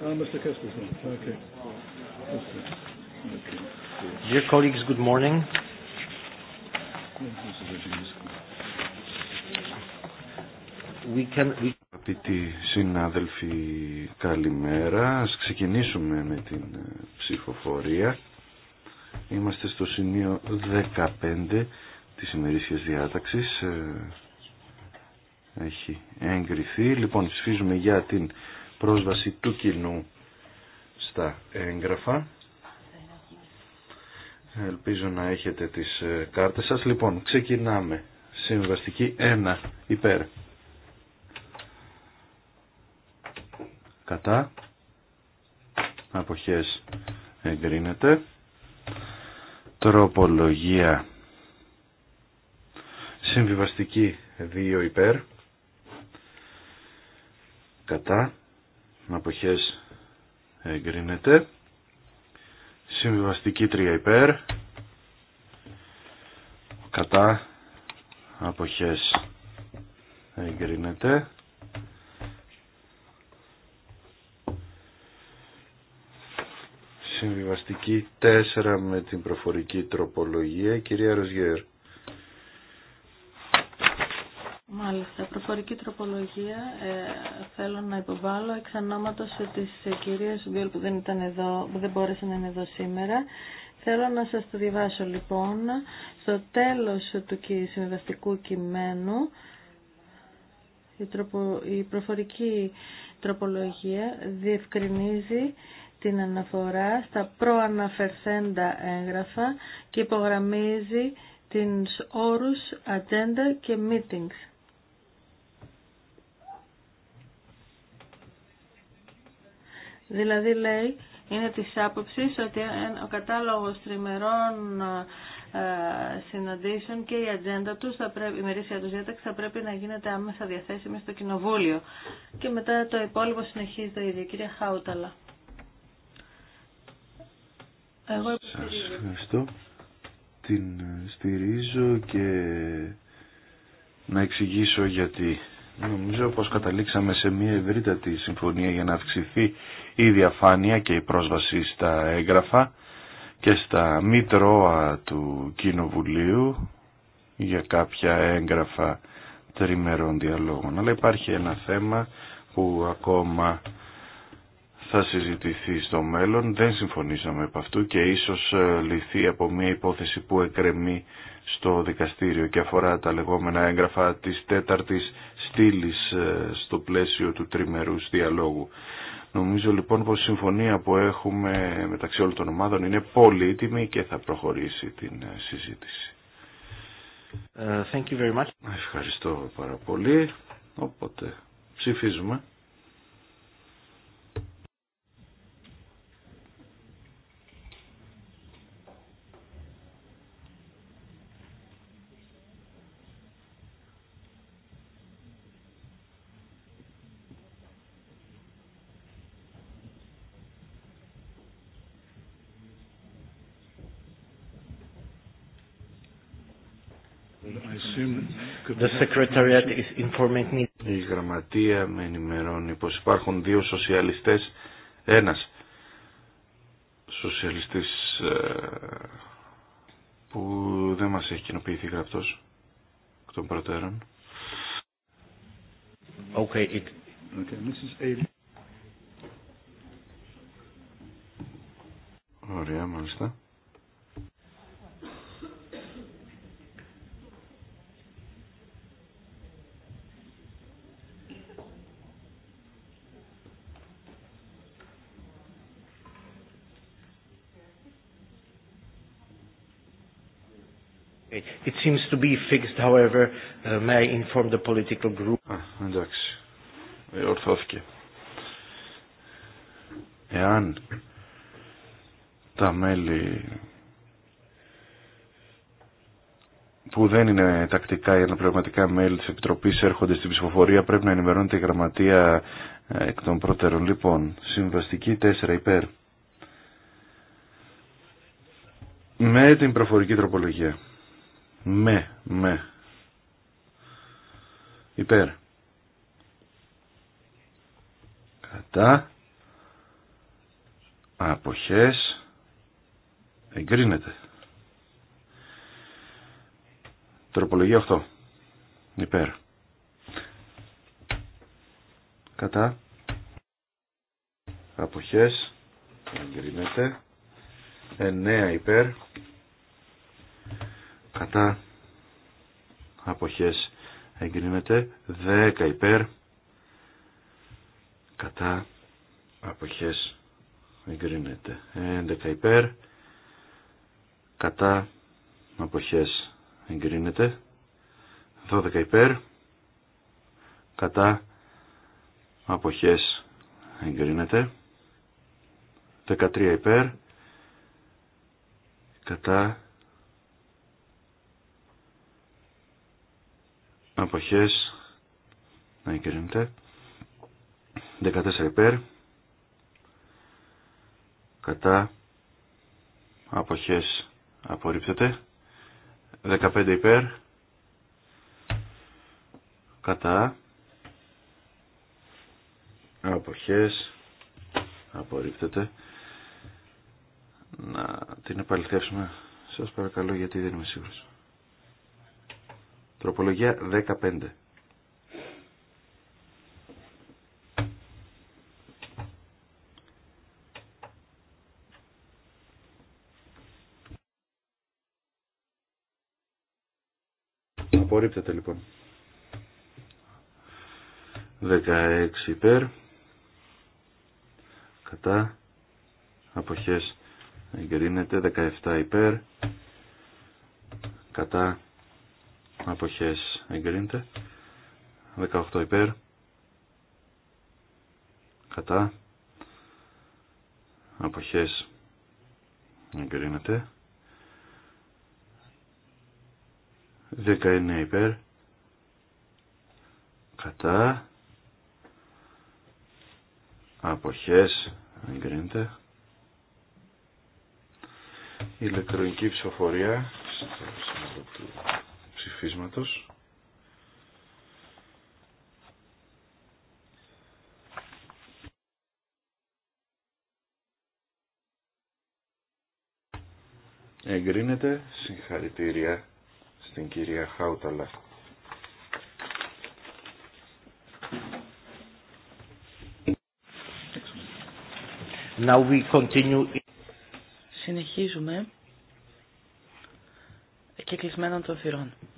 Uh, Mr. good morning. We can... Αγαπητοί συνάδελφοι, καλημέρα. Ας ξεκινήσουμε με την ε, ψηφοφορία. Είμαστε στο σημείο 15 της ημερήσιας διάταξης. Ε, έχει εγκριθεί. Λοιπόν, ψηφίζουμε για την πρόσβαση του κοινού στα έγγραφα. Ελπίζω να έχετε τις ε, κάρτες σας. Λοιπόν, ξεκινάμε. Συμβαστική 1 υπέρ. Κατά. Αποχές εγκρίνεται. Τροπολογία. Συμβιβαστική 2 υπέρ. Κατά αποχές εγκρίνεται συμβιβαστική 3 υπέρ κατά αποχές εγκρίνεται συμβιβαστική 4 με την προφορική τροπολογία κυρία Ροζιέρ προφορική τροπολογία ε, θέλω να υποβάλω εξ τις της ε, κυρία Βιόλ που δεν, ήταν εδώ, που δεν μπόρεσε να είναι εδώ σήμερα. Θέλω να σας το διαβάσω λοιπόν. Στο τέλος του συμβαστικού κειμένου η, τροπο, η προφορική τροπολογία διευκρινίζει την αναφορά στα προαναφερθέντα έγγραφα και υπογραμμίζει την όρους agenda και meetings. Δηλαδή λέει, είναι της άποψης ότι ο κατάλογος τριμερών ε, συναντήσεων και η ατζέντα τους, θα πρέπει, η μερίσια τους διάταξη θα πρέπει να γίνεται άμεσα διαθέσιμη στο Κοινοβούλιο. Και μετά το υπόλοιπο συνεχίζει το ίδιο. Κυρία Χάουταλα. Εγώ Σας ευχαριστώ. Την ε, στηρίζω και να εξηγήσω γιατί Νομίζω πως καταλήξαμε σε μια ευρύτατη συμφωνία για να αυξηθεί η διαφάνεια και η πρόσβαση στα έγγραφα και στα μήτρώα του Κοινοβουλίου για κάποια έγγραφα τριμερών διαλόγων. Αλλά υπάρχει ένα θέμα που ακόμα θα συζητηθεί στο μέλλον. Δεν συμφωνήσαμε από αυτού και ίσως ε, λυθεί από μια υπόθεση που εκρεμεί στο δικαστήριο και αφορά τα λεγόμενα έγγραφα της τέταρτης ε, στο πλαίσιο του τριμερούς διαλόγου. Νομίζω λοιπόν πως η συμφωνία που έχουμε μεταξύ όλων των ομάδων είναι πολύτιμη και θα προχωρήσει την ε, συζήτηση. Ε, thank you very much. Ευχαριστώ πάρα πολύ. Οπότε ψηφίζουμε. Η γραμματεία με ενημερώνει πως υπάρχουν δύο σοσιαλιστές, ένας σοσιαλιστής ε, που δεν μας έχει κοινοποιηθεί γραπτός εκ των προτέρων. Okay, okay, Ωραία, μάλιστα. It seems to be fixed, however, uh, may inform the political group. εντάξει. Ε, ορθώθηκε. Εάν τα μέλη που δεν είναι τακτικά ή αναπληρωματικά μέλη της Επιτροπής έρχονται στην ψηφοφορία πρέπει να ενημερώνεται η γραμματεία ε, εκ των πρότερων. Λοιπόν, συμβαστική 4 υπέρ. Με την προφορική τροπολογία με, με, υπέρ, κατά, αποχές, εγκρίνεται. Τροπολογία 8, υπέρ, κατά, αποχές, εγκρίνεται, 9 υπέρ, κατά αποχές εγκρίνεται 10 υπέρ κατά αποχές εγκρίνεται 11 υπέρ κατά αποχές εγκρίνεται 12 υπέρ κατά αποχές εγκρίνεται 13 υπέρ κατά αποχές να εγκρίνεται 14 υπέρ κατά αποχές απορρίπτεται 15 υπέρ κατά αποχές απορρίπτεται να την επαληθεύσουμε σας παρακαλώ γιατί δεν είμαι σίγουρος Τροπολογία 15. Απορρίπτεται λοιπόν. 16 υπέρ. Κατά. Αποχές εγκρίνεται. 17 υπέρ. Κατά αποχές εγκρίνεται 18 υπέρ κατά αποχές εγκρίνεται 19 υπέρ κατά αποχές εγκρίνεται ηλεκτρονική ψηφοφορία ψηφίσματος. Εγκρίνεται συγχαρητήρια στην κυρία Χάουταλα. Now we continue. Συνεχίζουμε και κλεισμένων των θυρών.